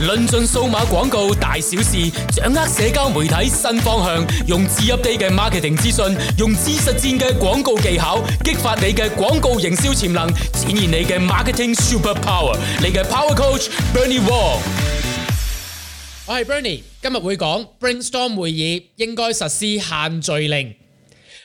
論盡數碼廣告大小事，掌握社交媒體新方向，用最 update 嘅 marketing 資訊，用最實戰嘅廣告技巧，激發你嘅廣告營銷潛能，展現你嘅 marketing super power。你嘅 power coach Bernie Wong，我係 Bernie，今日會講 brainstorm 會議應該實施限聚令。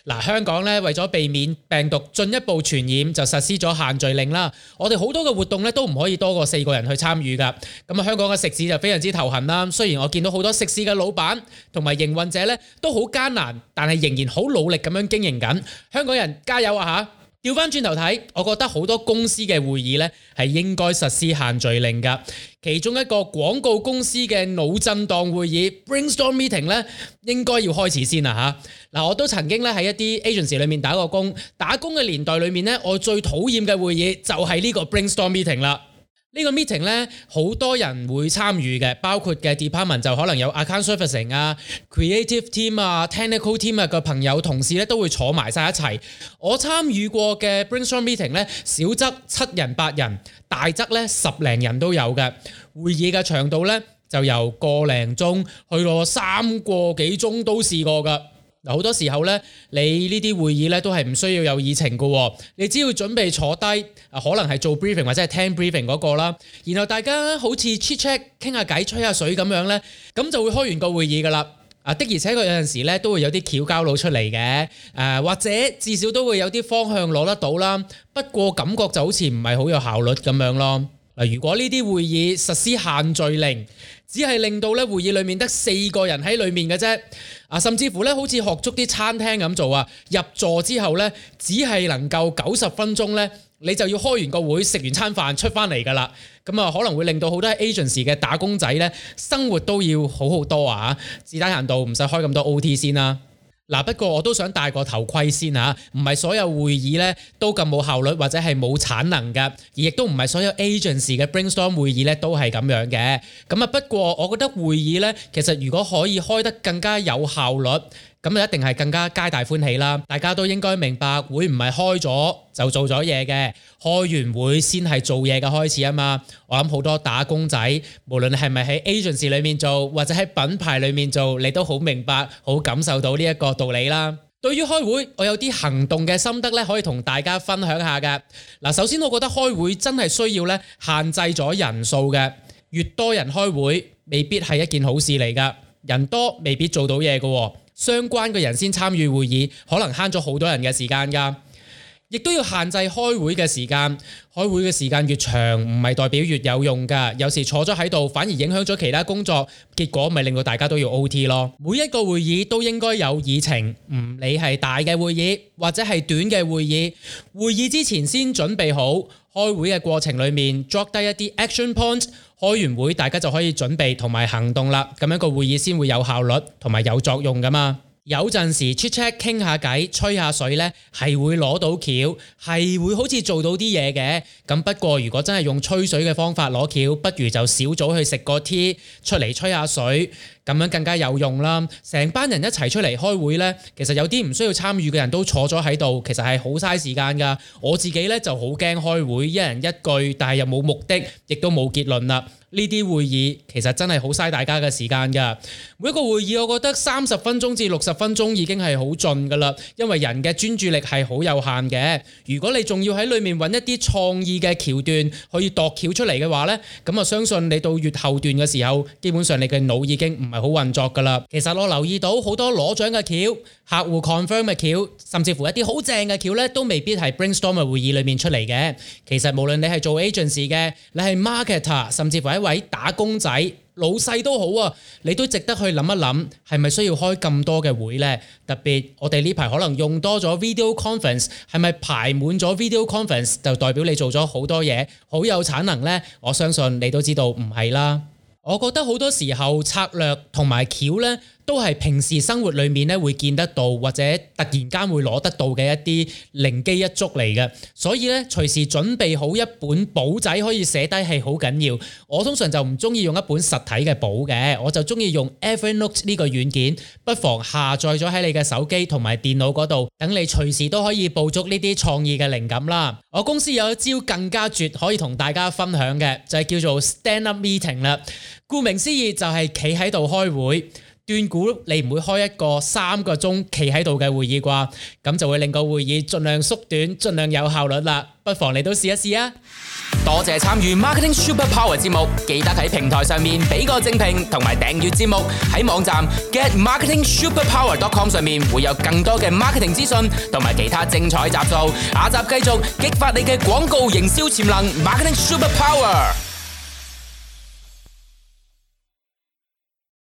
嗱，香港咧為咗避免病毒進一步傳染，就實施咗限聚令啦。我哋好多嘅活動咧都唔可以多過四個人去參與㗎。咁啊，香港嘅食肆就非常之頭痕啦。雖然我見到好多食肆嘅老闆同埋營運者咧都好艱難，但係仍然好努力咁樣經營緊。香港人加油啊嚇！調翻轉頭睇，我覺得好多公司嘅會議呢係應該實施限聚令噶。其中一個廣告公司嘅腦震盪會議 （brainstorm meeting） 呢應該要開始先啦吓。嗱，我都曾經呢喺一啲 agency 裏面打過工，打工嘅年代裏面呢，我最討厭嘅會議就係呢個 brainstorm meeting 啦。呢個 meeting 咧，好多人會參與嘅，包括嘅 department 就可能有 account servicing 啊、creative team 啊、technical team 啊嘅朋友同事咧，都會坐埋晒一齊。我參與過嘅 brainstorm meeting 咧，小則七人八人，大則咧十零人都有嘅。會議嘅長度咧，就由個零鐘去到三個幾鐘都試過㗎。好多時候呢，你呢啲會議呢都係唔需要有議程嘅喎，你只要準備坐低，啊可能係做 briefing 或者係聽 briefing 嗰個啦，然後大家好似 check check 傾下偈，吹下水咁樣呢，咁就會開完個會議噶啦。啊的而且確有陣時呢都會有啲囂交佬出嚟嘅，誒或者至少都會有啲方向攞得到啦，不過感覺就好似唔係好有效率咁樣咯。嗱，如果呢啲會議實施限聚令，只係令到咧會議裡面得四個人喺裡面嘅啫，啊，甚至乎咧好似學足啲餐廳咁做啊，入座之後咧，只係能夠九十分鐘咧，你就要開完個會，食完餐飯出翻嚟㗎啦，咁啊可能會令到好多 agency 嘅打工仔咧生活都要好好多啊，至低限度唔使開咁多 OT 先啦。嗱、啊，不過我都想戴個頭盔先吓、啊，唔係所有會議咧都咁冇效率或者係冇產能噶，而亦都唔係所有 agents 嘅 brainstorm 會議咧都係咁樣嘅。咁啊，不過我覺得會議咧，其實如果可以開得更加有效率。咁就一定係更加皆大歡喜啦！大家都應該明白，會唔係開咗就做咗嘢嘅，開完會先係做嘢嘅開始啊嘛。我諗好多打工仔，無論係咪喺 agency 裏面做，或者喺品牌裏面做，你都好明白，好感受到呢一個道理啦。對於開會，我有啲行動嘅心得呢，可以同大家分享下嘅。嗱，首先，我覺得開會真係需要呢，限制咗人數嘅，越多人開會未必係一件好事嚟㗎，人多未必做到嘢嘅。相關嘅人先參與會議，可能慳咗好多人嘅時間㗎。亦都要限制開會嘅時間，開會嘅時間越長唔係代表越有用㗎。有時坐咗喺度反而影響咗其他工作，結果咪令到大家都要 OT 咯。每一個會議都應該有議程，唔理係大嘅會議或者係短嘅會議，會議之前先準備好，開會嘅過程裡面作低一啲 action point。開完會大家就可以準備同埋行動啦，咁樣個會議先會有效率同埋有作用噶嘛。有陣時出 check 傾下偈吹下水呢，係會攞到橋，係會好似做到啲嘢嘅。咁不過如果真係用吹水嘅方法攞橋，不如就小組去食個 tea 出嚟吹下水。咁樣更加有用啦！成班人一齊出嚟開會呢，其實有啲唔需要參與嘅人都坐咗喺度，其實係好嘥時間噶。我自己呢就好驚開會，一人一句，但係又冇目的，亦都冇結論啦。呢啲會議其實真係好嘥大家嘅時間噶。每一個會議我覺得三十分鐘至六十分鐘已經係好盡噶啦，因為人嘅專注力係好有限嘅。如果你仲要喺裏面揾一啲創意嘅橋段可以度橋出嚟嘅話呢，咁我相信你到月後段嘅時候，基本上你嘅腦已經唔～唔係好運作㗎啦。其實我留意到好多攞獎嘅橋、客戶 confirm 嘅橋，甚至乎一啲好正嘅橋咧，都未必係 brainstorm 嘅、er、會議裏面出嚟嘅。其實無論你係做 agency 嘅、你係 marketer，甚至乎一位打工仔、老細都好啊，你都值得去諗一諗，係咪需要開咁多嘅會呢？特別我哋呢排可能用多咗 video conference，係咪排滿咗 video conference 就代表你做咗好多嘢，好有產能呢？我相信你都知道唔係啦。我覺得好多時候策略同埋橋咧，都係平時生活裏面咧，會見得到或者突然間會攞得到嘅一啲靈機一觸嚟嘅，所以咧，隨時準備好一本簿仔可以寫低係好緊要。我通常就唔中意用一本實體嘅簿嘅，我就中意用 Evernote 呢個軟件，不妨下載咗喺你嘅手機同埋電腦嗰度，等你隨時都可以捕捉呢啲創意嘅靈感啦。我公司有一招更加絕，可以同大家分享嘅就係叫做 Stand Up Meeting 啦。顧名思義就係企喺度開會。斷估你唔會開一個三個鐘企喺度嘅會議啩，咁就會令個會議盡量縮短，盡量有效率啦。不妨你都試一試啊！多謝參與 Marketing Super Power 節目，記得喺平台上面俾個精評同埋訂閱節目。喺網站 Get Marketing Super Power.com 上面會有更多嘅 marketing 資訊同埋其他精彩集數。下集繼續激發你嘅廣告營銷潛能，Marketing Super Power！